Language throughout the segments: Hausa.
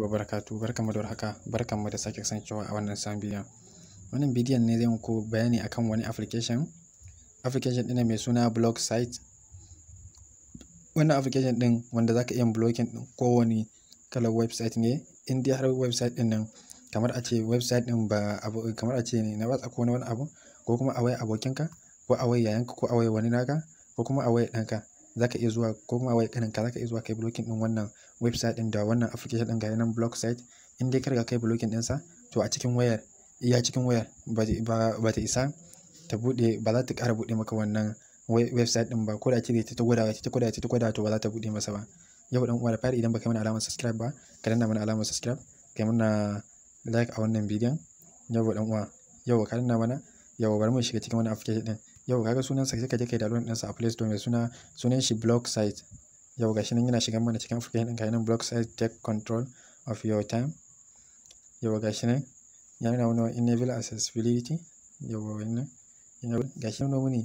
wa barakatu barkanmu da warhaka barkanmu da sake kasancewa a wannan sabon bidiyon wannan bidiyon ne zai ku bayani akan wani application application ɗin mai suna blog site wannan application ɗin wanda zaka iya blocking ɗin wani kalar website ne in dai har website ɗin nan kamar a ce website ɗin ba abu kamar a ce ne na watsa ko wani abu ko kuma a waya abokinka ko a waya yayanka ko a waya wani naka ko kuma a waya ɗanka za ka iya zuwa ko kuma wai kanin ka za ka iya zuwa kai blocking din wannan website din da wannan application din ga nan block site in dai ka riga kai blocking din sa to a cikin wayar iya cikin wayar ba ta isa ta bude ba za ta ƙara bude maka wannan website din ba ko da ce ta gwada ta gwada ta gwada to ba za ta bude masa ba yau dan uwa da fari idan baka mana alamar subscribe ba ka danna mana alamar subscribe kai mana like a wannan bidiyon yau dan uwa yau ka danna mana yau bari mu shiga cikin wannan application din yau kaga sunan sa kaje ka da kai download ɗinsa a Play Store mai suna sunan shi blog site yau gashi nan yana shigan mana cikin African din kai nan blog site take control of your time yau gashi nan ya nuna mana enable accessibility yau wannan gashi nan wani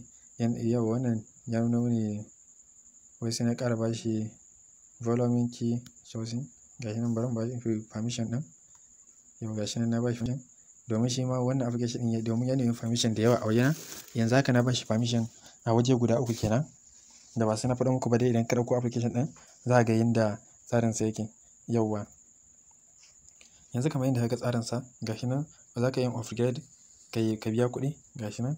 yau wannan ya nuna wani wai sai na ƙara bashi volume key sourcing gashi nan bari mu bashi permission din yau gashi nan na bashi permission domin shi ma wannan application ɗin domin ya yin permission da yawa a wajen yanzu haka na bashi permission a waje guda uku kenan da ba sai na faɗa muku ba dai idan ka ɗauko application ɗin za ga yadda tsarin sa yake yawwa yanzu kamar yadda ka tsarin sa gashi nan ba za ka yi upgrade kai ka biya kuɗi gashi nan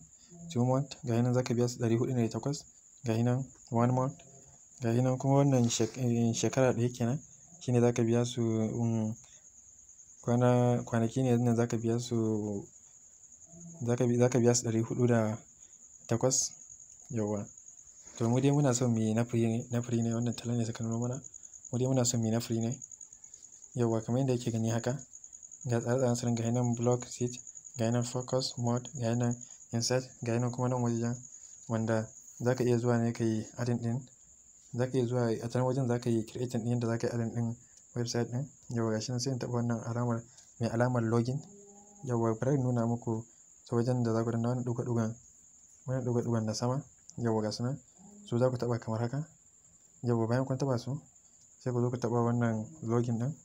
two month gashi nan za ka biya su ɗari huɗu da takwas gashi nan one month gashi nan kuma wannan eh, shekara ɗaya kenan shine za ka biya su um, Kwana, kwanaki ne yanzun nan za ka biya su, za biya su ɗari huɗu da takwas yawa To mu dai muna son muyi na free ne, na free ne wannan talan ne suka nuno mana. Mu dai muna son muyi na free ne yauwa kamar yadda yake gani haka. Ga tsare-tsaren su nan gashi nan block seat, gashi nan focus mode, gashi nan insert, gashi nan kuma nan wajen wanda za ka iya zuwa ne ka yi adin ɗin. Za ka iya zuwa a can wajen za ka yi creating din yadda za ka yi adin ɗin. website ɗin yawa gashi nan sai in taɓa wannan alamar mai alamar login yawa bari in nuna muku ta wajen da za ku danna wani ɗuga-ɗugan ɗuga-ɗugan na sama yawa gashi nan su za ku taɓa kamar haka yawa bayan kun taɓa su sai ku zo ku taɓa wannan login ɗin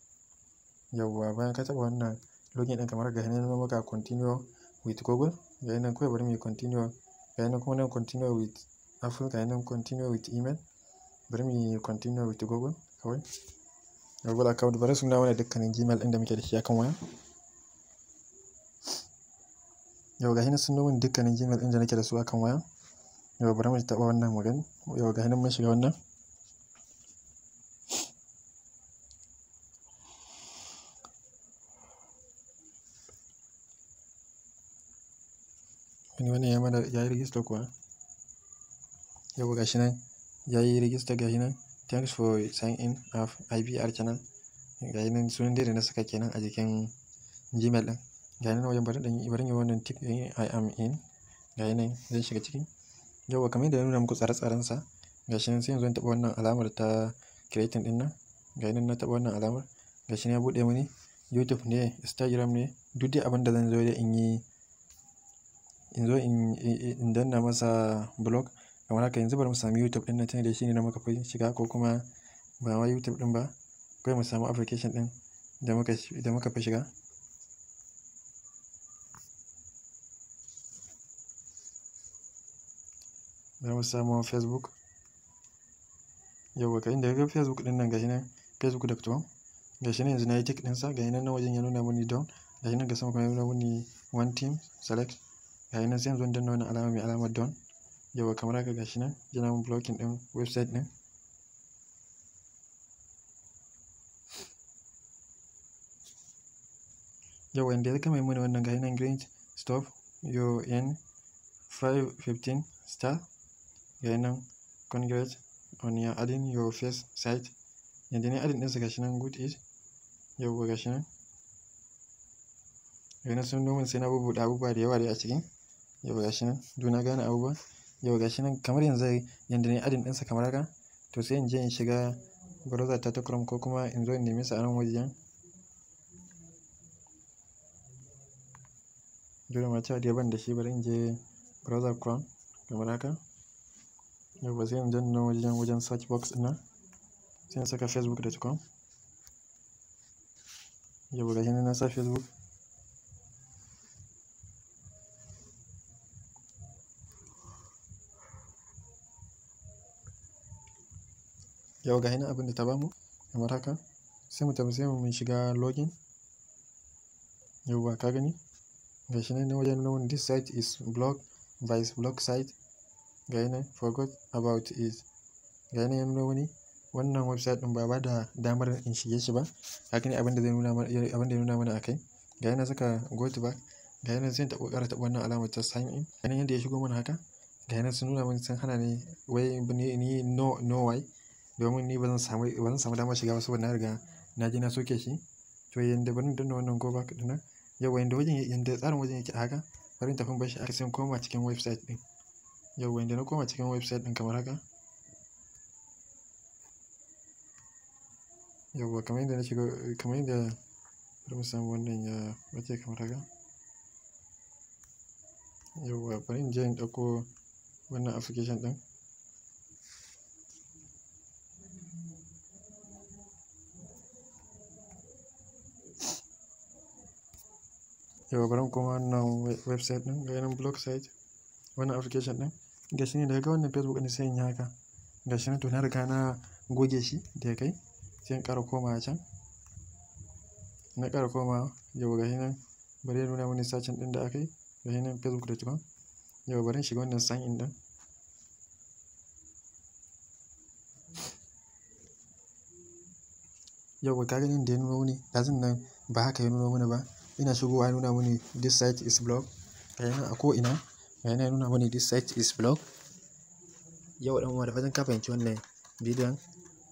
yawa bayan ka taɓa wannan login ɗin kamar gashi nan muka continue with google gashi nan kawai bari mu continue gashi nan kuma nan continue with apple gashi nan continue with email bari mu continue with google kawai Google account bari su nuna mana dukkanin Gmail inda da muke da shi akan waya. Yau ga hinan sun nuna dukkanin Gmail ɗin da nake da su akan waya. Yau bari mu taɓa wannan mu Yau ga hinan mun shiga wannan. Wani wani ya mana ya yi rijista kuwa. Yau ga shi nan ya yi rijista ga shi thanks for sign in of IBR channel ga nan sunan dai da na saka kenan a jikin Gmail din ga nan wajen barin barin yawan yi tip din I am in ga nan zan shiga ciki yawa kamar da nuna muku tsare-tsaren sa gashi nan sai yanzu zan taɓa wannan alamar ta creating din nan ga nan na taɓa wannan alamar gashi ne ya bude mini YouTube ne Instagram ne duk dai abin da zan zo da in yi in zo in danna masa blog kamar haka yanzu bari mu sami youtube ɗin na tana da shi ne na muka fi shiga ko kuma ba wa youtube ɗin ba kawai mu samu application ɗin da muka fi shiga bari mu samu facebook yawwa ka inda ga facebook ɗin nan gashi nan kuma gashi nan yanzu na yi tick sa gashi nan na wajen ya nuna mini down gashi nan ga sama kuma ya nuna mini one team select gashi nan sai yanzu wani danna wani alama mai alamar down yawa kamar haka gashi nan yana mun blocking din website din yawa inda ya kama yi mana wannan gashi nan green stop your n 515 star gashi nan congrats on your adding your first site yanda ne adding ɗinsa gashi nan good is yawa gashi nan gashi nan sun nomin sai na bubuɗe abubuwa da yawa da a cikin yawa gashi nan duna gane abubuwa yau gashi nan kamar yanzu yanda ne adin ɗinsa kamar haka to sai in je in shiga browser ta ta chrome ko kuma in zo in neme sa a nan wajen dole ma cewa dai ban da shi bari in je browser chrome kamar haka yau ba sai in je nan wajen wajen search box ɗin sai in saka facebook.com yau gashi nan na sa facebook yau ga hina abin da ta bamu kamar haka sai mu tabbace sai mun shiga login yauwa ka gani ga shi ne wajen wani this site is block by block site ga yana forgot about it ga yana yan wani wannan website din ba ba da damar in shige shi ba haka ne abin da zai nuna mana abin ya nuna mana akai ga yana saka go to back ga yana zai ta kokara ta wannan alamar ta sign in ga yadda ya shigo mana haka ga yana sun nuna mana sun hana ne wai ni no no why domin ni ba zan samu ba samu damar shiga ba saboda na riga na je na soke shi to yanda bari danna wannan goba back dinnan yawa yanda wajen yanda tsarin wajen yake haka bari tafin bashi aka sai koma cikin website din yawa yanda na koma cikin website din kamar haka yawa kamar yanda na shiga kamar yanda bari mu samu wannan ya bace kamar haka yawa bari in je in ɗauko wannan application ɗin yau bari kuma wannan website din ga yanan blog site wannan application din ga shi ne daga wannan facebook din sai in yi haka ga shi ne to na riga na goge shi da ya kai sai in ƙara koma can na ƙara koma yau ga nan bari ya nuna mini sacin din da aka yi ga nan facebook da tukun yau bari shiga wannan sign in din yau ga ganin da ya nuna mini da nan ba haka ya nuna mini ba ina shigowa ya nuna mini this site is blog ga a ko'ina ga ina, nuna mini this site is blog yau dan uwa da fatan ka fahimci wannan bidiyon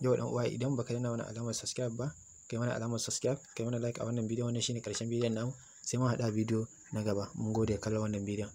yau dan uwa idan baka dana wani alamar subscribe ba kai mana alamar subscribe kai mana like a wannan bidiyon wannan shine karshen bidiyon namu sai mun haɗa bidiyo na gaba mun gode kallon wannan bidiyon